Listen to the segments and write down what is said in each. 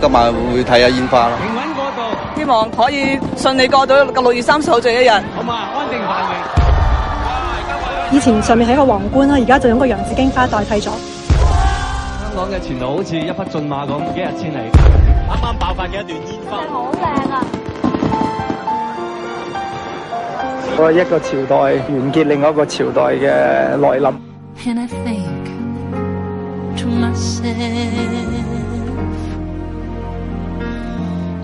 今晚會睇下煙花咯。平穩度，希望可以順利過到。六月三十號最後一日，好嘛？安定、繁榮、以前上面係一個皇冠啦，而家就用個紫荊花代替咗。哇香港嘅前途好似一匹駿馬咁，一日千里。啱啱爆發嘅一段煙花，真係好靚啊！我係一個朝代完結，另外一個朝代嘅來臨。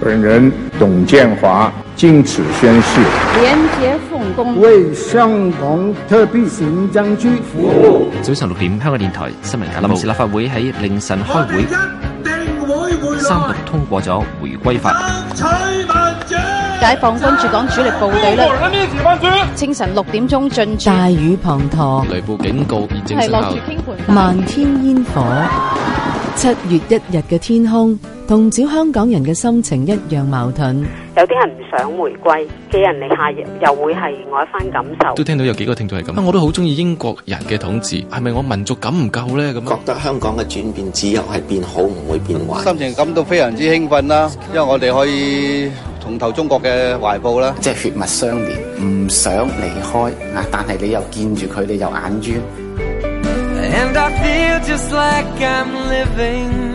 本人董建華，敬此宣誓，廉潔奉公，為香港特別行政區服務。哦、早晨六點，香港電台新聞簡報。今次立法會喺凌晨開會，三讀通過咗回歸法。解放軍駐港主力部隊咧，事事清晨六點鐘進駐。大雨滂沱，雷暴警告已，別驚吓。漫天煙火，七、啊、月一日嘅天空。同小香港人嘅心情一樣矛盾，有啲人唔想回歸嘅人嚟睇，又會係我一番感受。都聽到有幾個聽眾係咁，咁、啊、我都好鍾意英國人嘅統治，係咪我民族感唔夠呢？咁覺得香港嘅轉變只有係變好，唔會變壞。心情感到非常之興奮啦，因為我哋可以重投中國嘅懷抱啦，即係血脈相連，唔想離開，但係你又見住佢哋又眼冤。And I feel just like I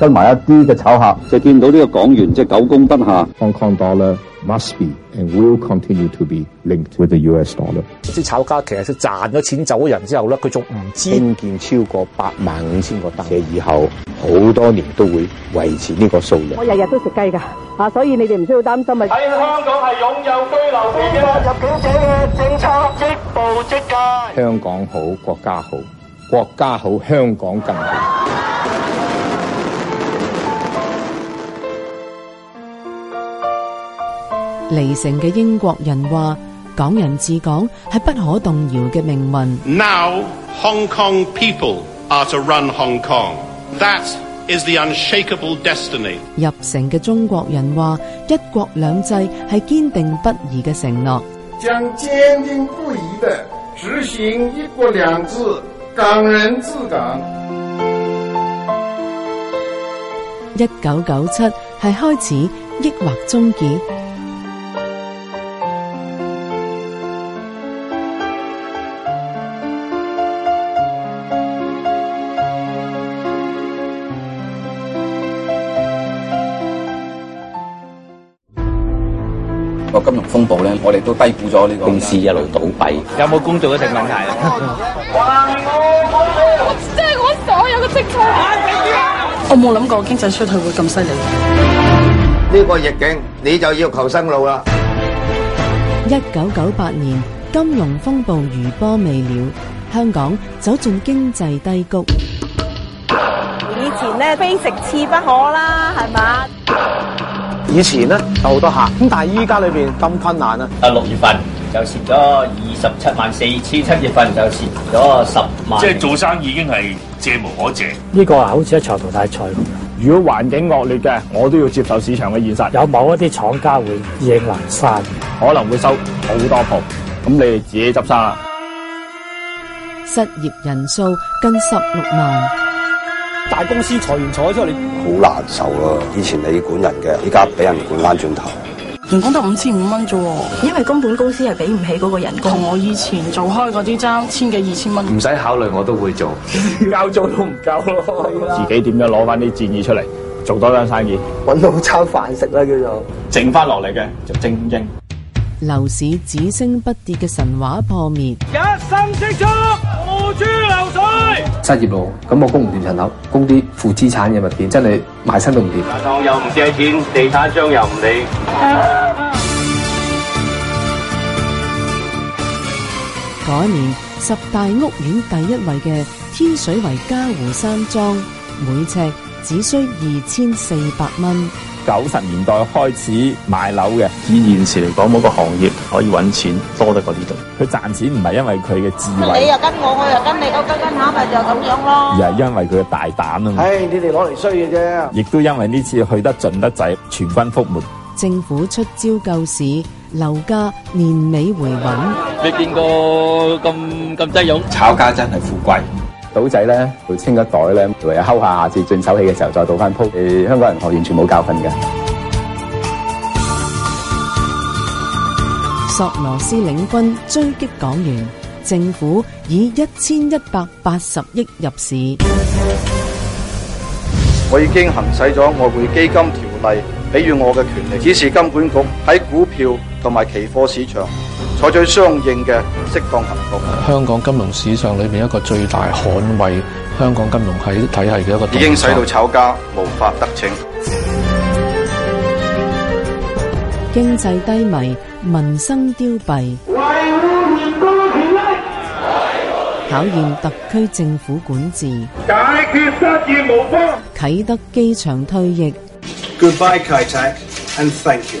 跟埋一啲嘅炒客，就係見到呢個港元即係、就是、九宮不下。Hong Kong dollar must be and will continue to be linked with the U.S. dollar。即係炒家其實賺咗錢走咗人之後咧，佢仲唔知。興建超過八萬五千個單位。嘅以後好多年都會維持呢個數量。我日日都食雞㗎，啊！所以你哋唔需要擔心啊。喺香港係擁有居留權嘅入境者嘅政策，即捕即解。香港好，國家好，國家好，香港更好。離城嘅英國人話：港人治港係不可動搖嘅命運。Now, Hong Kong people are to run Hong Kong. That is the unshakable destiny. 入城嘅中國人話：一國兩制係堅定不移嘅承諾。將堅定不移嘅執行一國兩制、港人治港。一九九七係開始，抑或終結？金融風暴咧，我哋都低估咗呢個公司一路倒閉，有冇工作都成問題啦！我真係我所有嘅積蓄，我冇諗過經濟衰退會咁犀利。呢個逆境，你就要求生路啦！一九九八年金融風暴餘波未了，香港走進經濟低谷。以前咧，非食翅不可啦，係嘛？以前咧有好多客，咁但係依家裏邊咁困難啊！啊六月份就蝕咗二十七萬四千，七月份就蝕咗十萬，即係做生意已經係借無可借。呢個啊好似一場淘汰賽咁。如果環境惡劣嘅，我都要接受市場嘅現實。有某一啲廠家會亦難生，可能會收好多鋪，咁你哋自己執生啦。失業人數近十六萬。.大公司裁員裁咗之後你，你好難受啊。以前你管人嘅，依家俾人管翻轉頭。人工得五千五蚊啫，因為根本公司係俾唔起嗰個人工。同我以前做開嗰啲爭千幾二千蚊。唔使考慮，我都會做，交租 都唔夠咯。的 的自己點樣攞翻啲建議出嚟，做多單生意，搵到餐飯食啦，叫做。剩翻落嚟嘅就正正。樓市只升不跌嘅神話破滅，一生積蓄，付諸流水。失業路，咁我供唔掂層樓，供啲負資產嘅物件，真係賣身都唔掂。又唔借錢，地產商又唔理。嗰年十大屋苑第一位嘅天水圍嘉湖山莊，每尺只需二千四百蚊。九十年代開始買樓嘅，以現時嚟講，每個行業可以揾錢多得過呢度。佢賺錢唔係因為佢嘅智慧，你又跟我，我又跟你，都跟跟下，咪就咁樣咯。而係因為佢嘅大膽啊嘛。唉，你哋攞嚟衰嘅啫。亦都因為呢次去得盡得滯，全軍覆沒。政府出招救市，樓價年尾回穩。你見過咁咁擠擁，炒家真係富貴。賭仔咧，要清個袋咧，唯有摳下，下次轉手氣嘅時候再倒翻鋪。哎，香港人學完全冇教訓嘅。索羅斯領軍追擊港元，政府以一千一百八十億入市。我已經行使咗外匯基金條例，俾予我嘅權利，指示金管局喺股票同埋期貨市場採取相應嘅釋放行動。香港金融史上裏面一個最大捍衛香港金融喺體系嘅一個動作，已經使到炒家無法得逞。經濟低迷，民生凋敝，維護民族利益，考驗特區政府管治，解決失業無方，啟德機場退役。Goodbye, Kai Tak, and thank you.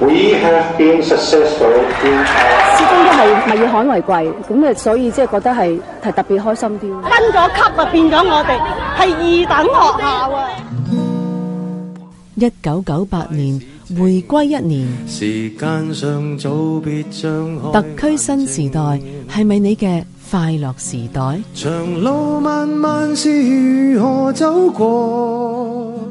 We have been successful in 始終都係，物以罕為貴，咁所以即係覺得係，係特別開心啲。升咗級啊，變咗我哋係二等學校啊！一九九八年回歸一年，時間上早別將開。特區新時代係咪你嘅快樂時代？長路漫漫是如何走過？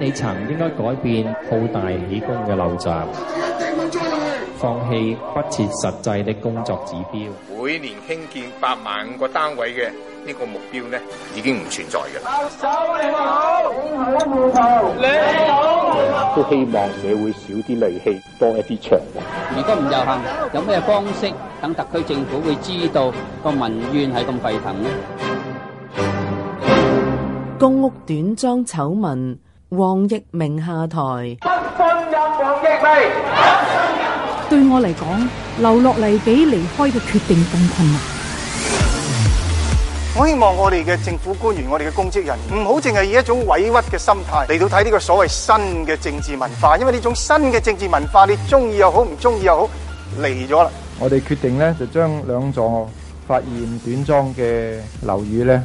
你曾應該改變好大喜功嘅陋習，放棄不切實際的工作指標。每年興建八萬個單位嘅呢個目標呢，已經唔存在嘅。都希望社會少啲戾氣，多一啲祥和。如果唔遊行，有咩方式等特區政府會知道個民怨係咁沸騰呢？公屋短裝醜聞。王亦明下台。不信任王亦明。對我嚟講，留落嚟比離開嘅決定更困難。我希望我哋嘅政府官員、我哋嘅公職人員唔好淨係以一種委屈嘅心態嚟到睇呢個所謂新嘅政治文化，因為呢種新嘅政治文化，你中意又好，唔中意又好，嚟咗啦。我哋決定咧就將兩座發現短樁嘅樓宇咧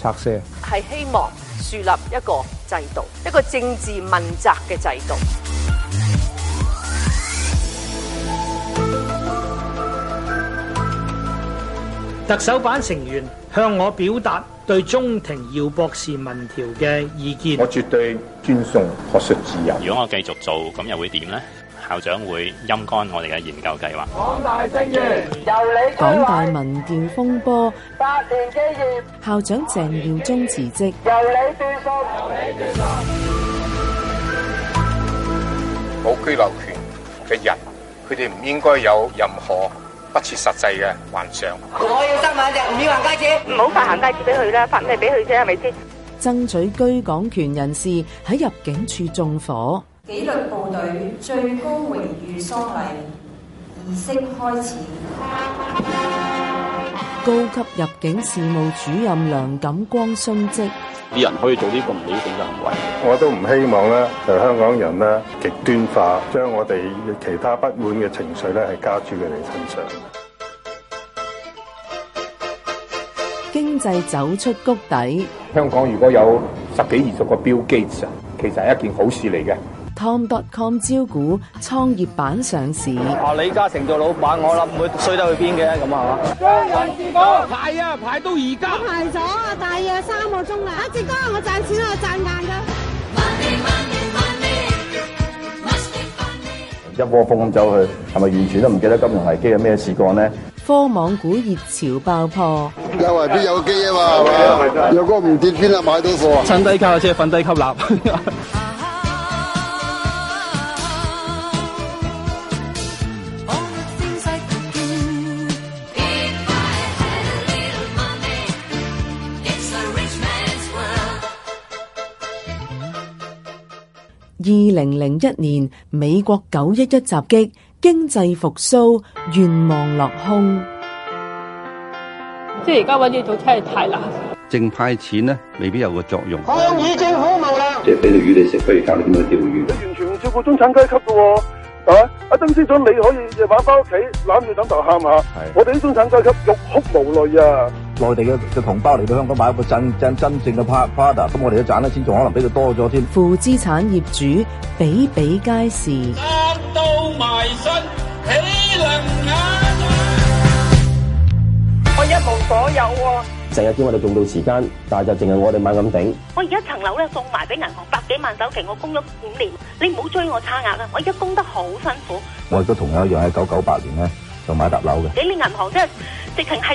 拆卸，係希望樹立一個。制度，一個政治問責嘅制度。特首辦成員向我表達對鍾庭耀博士民調嘅意見。我絕對尊重學術自由。如果我繼續做，咁又會點呢？校長會陰乾我哋嘅研究計劃。港大職員由你講話。港大民調風波，百年基業校長鄭耀宗辭職。辭職由你自信，由你自信。冇居留權嘅人，佢哋唔應該有任何不切實際嘅幻想。我要收買只五萬街紙，唔好發行街紙俾佢啦，發咩俾佢啫？係咪先？爭取居港權人士喺入境處縱火。紀律部隊最高榮譽喪禮儀式開始。高級入境事務主任梁錦光殉職。啲人可以做呢個唔理性嘅行為，我都唔希望咧，就香港人咧極端化，將我哋其他不滿嘅情緒咧係加諸佢哋身上。經濟走出谷底，香港如果有十幾二十個標機上，其實係一件好事嚟嘅。Tom dot com 招股，創業板上市。啊，李嘉誠做老闆，我諗唔會衰得去邊嘅咁啊！係嘛排啊排到而家，排咗啊大約三個鐘啦！阿、啊、志哥，我賺錢啊我賺硬噶！Money, Money, Money, 一窩蜂咁走去，係咪完全都唔記得金融危機有咩事幹呢？科網股熱潮爆破，因為邊有機啊嘛？有個唔跌先啊，買到貨。趁低吸啊，先瞓低吸納。二零零一年美國九一一襲擊，經濟復蘇願望落空。即係而家搵呢種車太難了。淨派錢咧，未必有個作用。抗議政好無啦，即係俾條魚你食，不如教你點樣釣魚。完全唔照顧中產階級噶喎，啊，阿曾先生你可以夜晚翻屋企攬住枕頭喊下。係的。我哋啲中產階級欲哭無淚啊！內地嘅嘅同胞嚟到香港買一個真真真正嘅 partner，咁我哋都賺得錢仲可能比佢多咗添。負資產業主比比皆是。我一無所有喎，成日叫我哋用到時間，但係就淨係我哋買咁頂。我而家層樓咧送埋俾銀行百幾萬首期，我供咗五年，你唔好追我差額啦！我而家供得好辛苦。我亦都同樣一樣喺九九八年咧。同買搭樓嘅，幾年銀行真係直情係超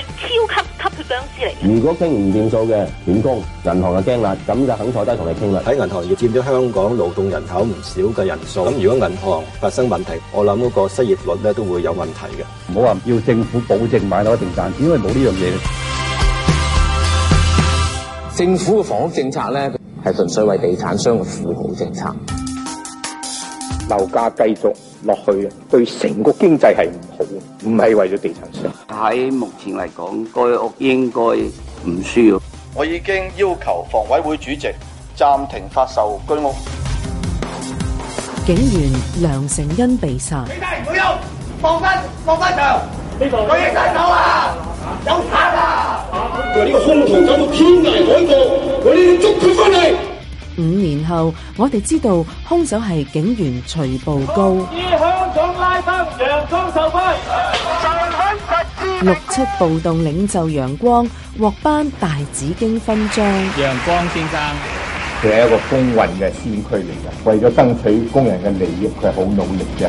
級吸血僵屍嚟。如果傾唔掂數嘅，斷供，銀行就驚喇，咁就肯坐低同你傾啦。喺銀行亦佔咗香港勞動人口唔少嘅人數，咁如果銀行發生問題，我諗嗰個失業率咧都會有問題嘅。唔好話要政府保證買樓一定賺錢，因為冇呢樣嘢。政府嘅房屋政策咧，係純粹為地產商嘅富豪政策。樓價繼續。落去對成個經濟係唔好嘅，唔係為咗地產商。喺目前嚟講，居屋應該唔需要。我已經要求房委會主席暫停發售居屋。警員梁成恩被殺。兄弟，冇有，放翻放翻場。呢個我要洗手啦，有賊啦！就係呢個兇徒走到天涯海角，我呢度捉佢翻嚟。五年後，我哋知道兇手係警員徐步高。以香港拉登，楊光受惠，就喺出。六七暴動領袖楊光獲頒大紫荊勳章。楊光先生，佢係一個工運嘅先驅嚟嘅。為咗爭取工人嘅利益，佢係好努力嘅。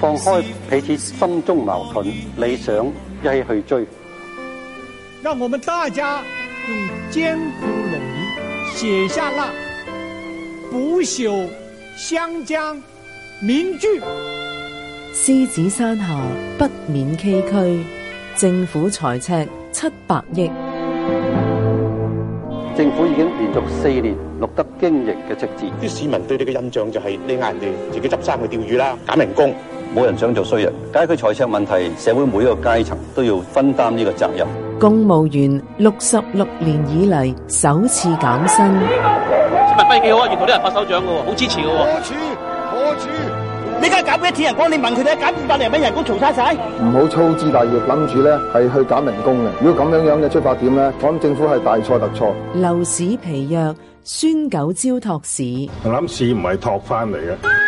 放開彼此心中矛盾，理想一起去追。讓我們大家用艱苦努力寫下那不朽香江名句。獅子山下不免崎嶇，政府財赤七百億。政府已經連續四年錄得經營嘅赤字。啲市民對你嘅印象就係、是、你嗌人哋自己執生去釣魚啦，揀民工。冇人想做衰人，解決財赤問題，社會每一個階層都要分擔呢個責任。公務員六十六年以嚟首次減薪，新聞批幾好啊！原來啲人拍手掌嘅喎，好支持嘅喎。可恥？可恥？你而家減幾多錢人工？你問佢哋啊，減五百零蚊人工，嘈晒曬！唔好粗枝大葉，諗住咧係去減人工嘅。如果咁樣樣嘅出發點咧，我諗政府係大錯特錯。樓市疲弱，孫九招托市，我諗市唔係托翻嚟嘅。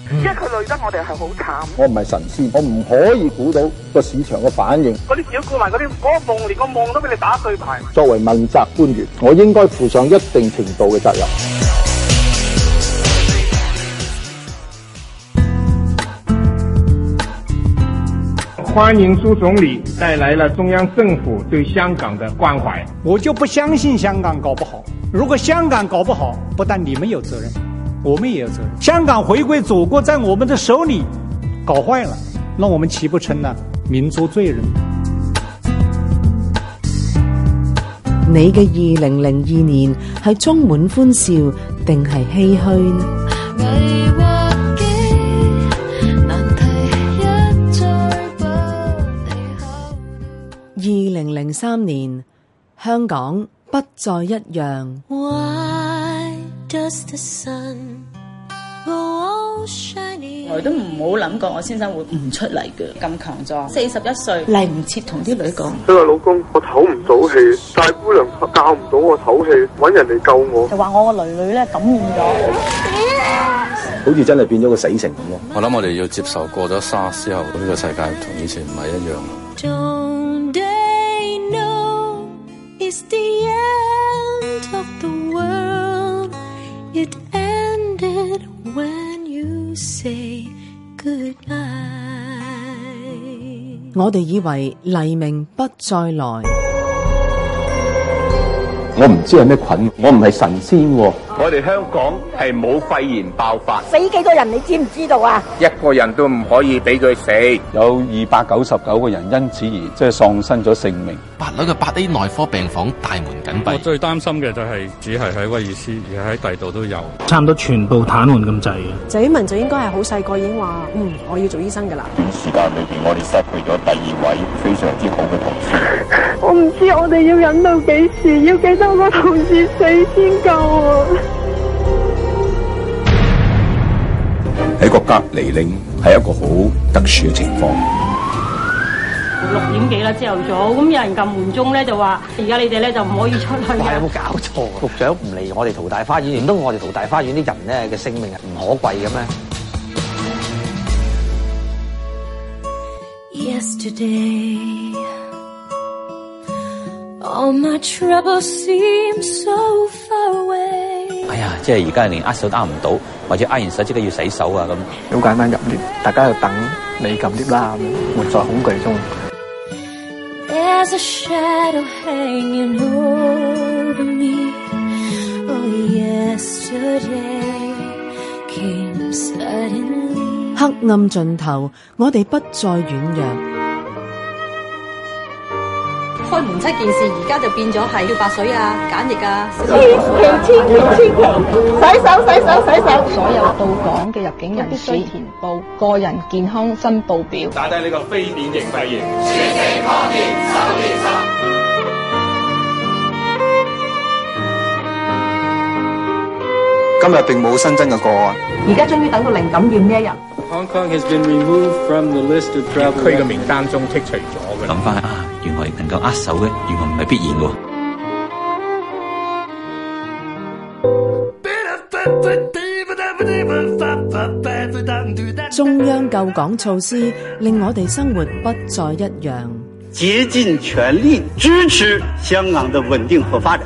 因為佢累得我哋係好慘，我唔係神仙，我唔可以估到個市場嘅反應。嗰啲小顧埋嗰啲，我、嗰個、夢連個夢都俾你打碎牌。作為問責官員，我應該負上一定程度嘅責任。歡迎朱總理帶來了中央政府對香港的關懷。我就不相信香港搞不好，如果香港搞不好，不但你們有責任。我們也有責任。香港回歸祖國，在我們的手裏搞壞了，那我們豈不成了民族罪人？你嘅二零零二年係充滿歡笑，定係唏噓呢？二零零三年，香港不再一樣。我哋都唔好諗過，我先生會唔出嚟嘅，咁強壯，四十一歲嚟唔切同啲女講。佢話：老公，我唞唔到氣，大姑娘教唔到我唞氣，搵人嚟救我。就話我個女女咧感染咗，好似真係變咗個死城咁咯。我諗我哋要接受過咗沙士之後，咁呢個世界同以前唔係一樣。我哋以為黎明不再來，我唔知係菌，我唔係神仙喎。我哋香港係冇肺炎爆發，死幾個人你知唔知道啊？一個人都唔可以俾佢死，有二百九十九個人因此而即係喪生咗性命。八樓嘅八 A 內科病房大門緊閉。我最擔心嘅就係只係喺威爾斯，而喺第度都有，差唔多全部癱瘓咁滯。鄭梓文就應該係好細個已經話，嗯，我要做醫生噶啦。短時間裏邊，我哋失去咗第二位非常之好嘅同事。我唔知我哋要忍到幾時，要幾多個同事死先夠啊？喺個隔離令係一個好特殊嘅情況。六點幾啦朝頭早，咁有人撳門鐘咧就話：而家你哋咧就唔可以出去。哇！有冇搞錯啊？局長唔嚟我哋淘大花園，唔通 我哋淘大花園啲人咧嘅性命係唔可貴嘅咩？哎、即係而家連握手打唔到，或者握完手即刻要洗手啊咁，好簡單入啲，大家要等你咁啲啦，活在恐懼中。黑暗盡頭，我哋不再軟弱。開門七件事，而家就變咗係漂白水啊、梘液啊、千、千、千、千、洗手、洗手、洗手。所有到港嘅入境人士必須填報個人健康申報表，打低呢個非典型肺炎。千祈多疊手電濕。今日並冇新增嘅個案，而家終於等到零感染呢一日。香港已經從區嘅名單中剔除咗。諗翻啊，原來能夠握手嘅，原來唔係必然嘅。中央救港措施令我哋生活不再一樣。竭盡全力支持香港的穩定和發展。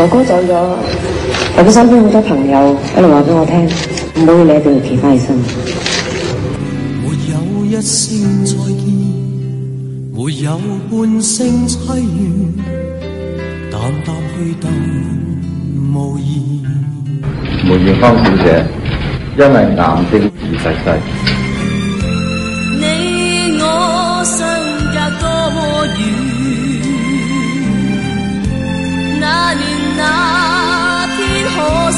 哥哥走咗，我哋身邊好多朋友一路話俾我聽，唔到你一定要企翻起身。沒有一聲再見，沒有半聲淒怨，淡淡去淡無言。梅艷芳小姐，因為癌症而逝世。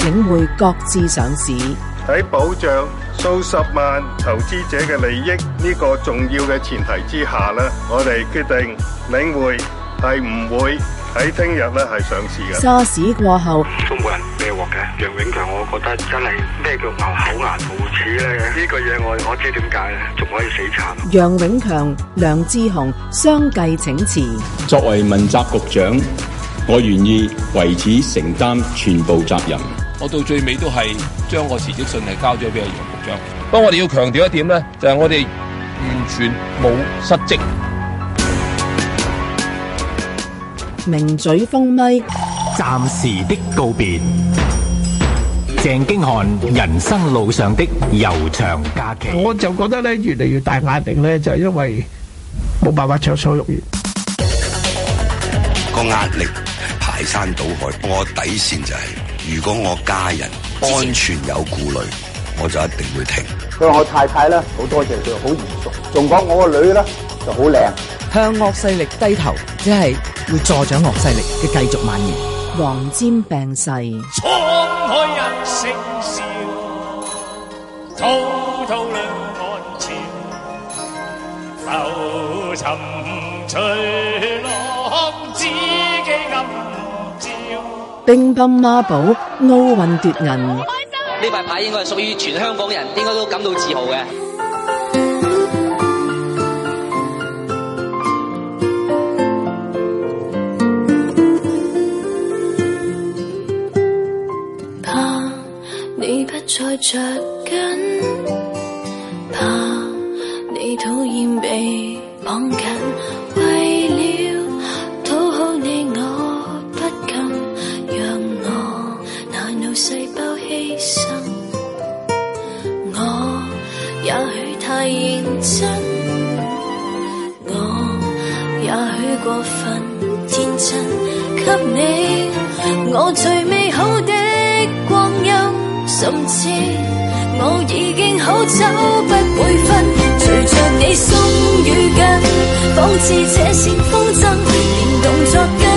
領匯各自上市喺，保障數十萬投資者嘅利益呢個重要嘅前提之下咧，我哋決定領匯係唔會喺聽日咧係上市嘅。沙士過後都冇人咩鑊嘅。楊永強，我覺得真係咩叫做厚顏無恥咧？呢個嘢我我知點解咧，仲可以死撐。楊永強、梁智鴻相繼請辭。作為問責局長，我願意為此承擔全部責任。我到最尾都係將個辭職信係交咗俾阿楊局長。不過我哋要強調一點咧，就係我哋完全冇失職。名嘴封咪，暫時的告別。鄭經翰人生路上的悠長假期。我就覺得咧，越嚟越大壓力咧，就係因為冇辦法暢所欲言，個壓力排山倒海。個底線就係。如果我家人安全有顧慮，我就一定會停。佢話我太太咧，好多謝佢，好嚴肅，仲講我個女咧就好靚。向惡勢力低頭，即係會助長惡勢力嘅繼續蔓延。黃霑病逝，滄海一聲笑，滔滔兩岸潮，浮沉隨浪，自己暗。乒乓孖寶奧運奪銀，呢塊牌應該係屬於全香港人，應該都感到自豪嘅。怕你不再著緊，怕你討厭被綁緊。給你我最美好的光陰，甚至我已經好走不會分，隨着你鬆與緊，仿似這線風箏連動作。